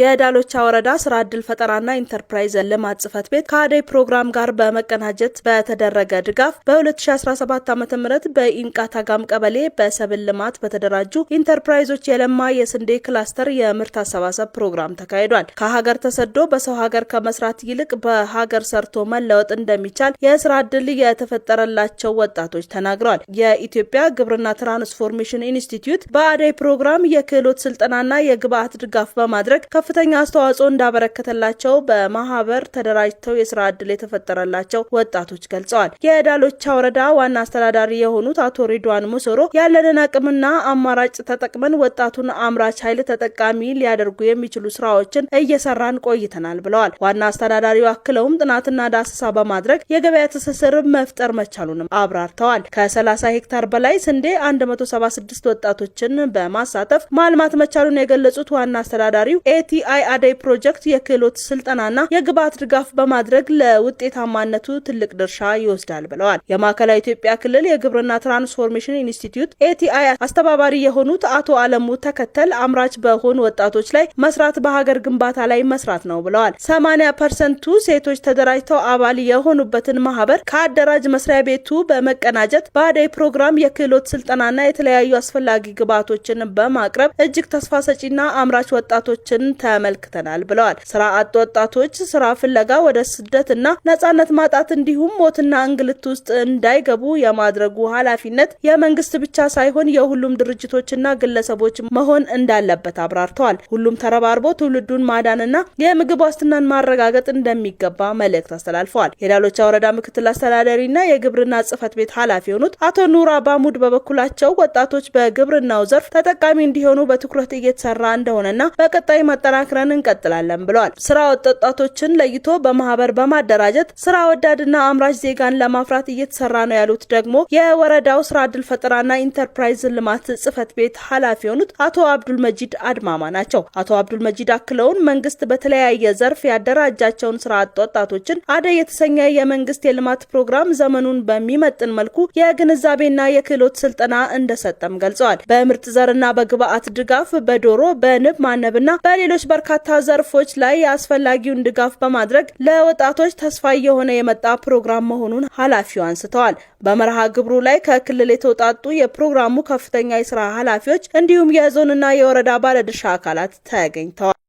የዳሎቻ ወረዳ ስራ ዕድል ፈጠራና ኢንተርፕራይዝ ልማት ጽህፈት ቤት ከአደይ ፕሮግራም ጋር በመቀናጀት በተደረገ ድጋፍ በ2017 ዓ ም በኢንቃ ታጋም ቀበሌ በሰብል ልማት በተደራጁ ኢንተርፕራይዞች የለማ የስንዴ ክላስተር የምርት አሰባሰብ ፕሮግራም ተካሂዷል። ከሀገር ተሰዶ በሰው ሀገር ከመስራት ይልቅ በሀገር ሰርቶ መለወጥ እንደሚቻል የስራ ዕድል የተፈጠረላቸው ወጣቶች ተናግረዋል። የኢትዮጵያ ግብርና ትራንስፎርሜሽን ኢንስቲትዩት በአደይ ፕሮግራም የክህሎት ስልጠናና የግብአት ድጋፍ በማድረግ ከፍተኛ አስተዋጽኦ እንዳበረከተላቸው በማህበር ተደራጅተው የስራ ዕድል የተፈጠረላቸው ወጣቶች ገልጸዋል። የዳሎቻ ወረዳ ዋና አስተዳዳሪ የሆኑት አቶ ሪድዋን ሙሶሮ ያለንን አቅምና አማራጭ ተጠቅመን ወጣቱን አምራች ኃይል ተጠቃሚ ሊያደርጉ የሚችሉ ስራዎችን እየሰራን ቆይተናል ብለዋል። ዋና አስተዳዳሪው አክለውም ጥናትና ዳሰሳ በማድረግ የገበያ ትስስር መፍጠር መቻሉንም አብራርተዋል። ከ30 ሄክታር በላይ ስንዴ 176 ወጣቶችን በማሳተፍ ማልማት መቻሉን የገለጹት ዋና አስተዳዳሪው ኤቲ ቲአይ አደይ ፕሮጀክት የክህሎት ስልጠናና የግብዓት ድጋፍ በማድረግ ለውጤታማነቱ ትልቅ ድርሻ ይወስዳል ብለዋል። የማዕከላዊ ኢትዮጵያ ክልል የግብርና ትራንስፎርሜሽን ኢንስቲትዩት ኤቲአይ አስተባባሪ የሆኑት አቶ አለሙ ተከተል አምራች በሆኑ ወጣቶች ላይ መስራት በሀገር ግንባታ ላይ መስራት ነው ብለዋል። ሰማኒያ ፐርሰንቱ ሴቶች ተደራጅተው አባል የሆኑበትን ማህበር ከአደራጅ መስሪያ ቤቱ በመቀናጀት በአደይ ፕሮግራም የክህሎት ስልጠናና የተለያዩ አስፈላጊ ግብዓቶችን በማቅረብ እጅግ ተስፋ ሰጪና አምራች ወጣቶችን ተመልክተናል ብለዋል። ስራ አጥ ወጣቶች ስራ ፍለጋ ወደ ስደት እና ነጻነት ማጣት እንዲሁም ሞትና እንግልት ውስጥ እንዳይገቡ የማድረጉ ኃላፊነት የመንግስት ብቻ ሳይሆን የሁሉም ድርጅቶችና ግለሰቦች መሆን እንዳለበት አብራርተዋል። ሁሉም ተረባርቦ ትውልዱን ማዳንና የምግብ ዋስትናን ማረጋገጥ እንደሚገባ መልእክት አስተላልፈዋል። የዳሎቻ ወረዳ ምክትል አስተዳዳሪና የግብርና ጽህፈት ቤት ኃላፊ የሆኑት አቶ ኑር አባሙድ በበኩላቸው ወጣቶች በግብርናው ዘርፍ ተጠቃሚ እንዲሆኑ በትኩረት እየተሰራ እንደሆነና በቀጣይ ማጠራ አጠናክረን እንቀጥላለን ብለዋል። ስራ ወጥ ወጣቶችን ለይቶ በማህበር በማደራጀት ስራ ወዳድና አምራች ዜጋን ለማፍራት እየተሰራ ነው ያሉት ደግሞ የወረዳው ስራ እድል ፈጠራና ኢንተርፕራይዝ ልማት ጽህፈት ቤት ኃላፊ የሆኑት አቶ አብዱል መጂድ አድማማ ናቸው። አቶ አብዱል መጂድ አክለውን መንግስት በተለያየ ዘርፍ ያደራጃቸውን ስራ አጥ ወጣቶችን አደይ የተሰኘ የመንግስት የልማት ፕሮግራም ዘመኑን በሚመጥን መልኩ የግንዛቤና የክህሎት ስልጠና እንደሰጠም ገልጸዋል። በምርጥ ዘርና በግብአት ድጋፍ በዶሮ በንብ ማነብና በሌሎች በርካታ ዘርፎች ላይ አስፈላጊውን ድጋፍ በማድረግ ለወጣቶች ተስፋ እየሆነ የመጣ ፕሮግራም መሆኑን ኃላፊው አንስተዋል። በመርሃ ግብሩ ላይ ከክልል የተውጣጡ የፕሮግራሙ ከፍተኛ የስራ ኃላፊዎች እንዲሁም የዞንና የወረዳ ባለድርሻ አካላት ተገኝተዋል።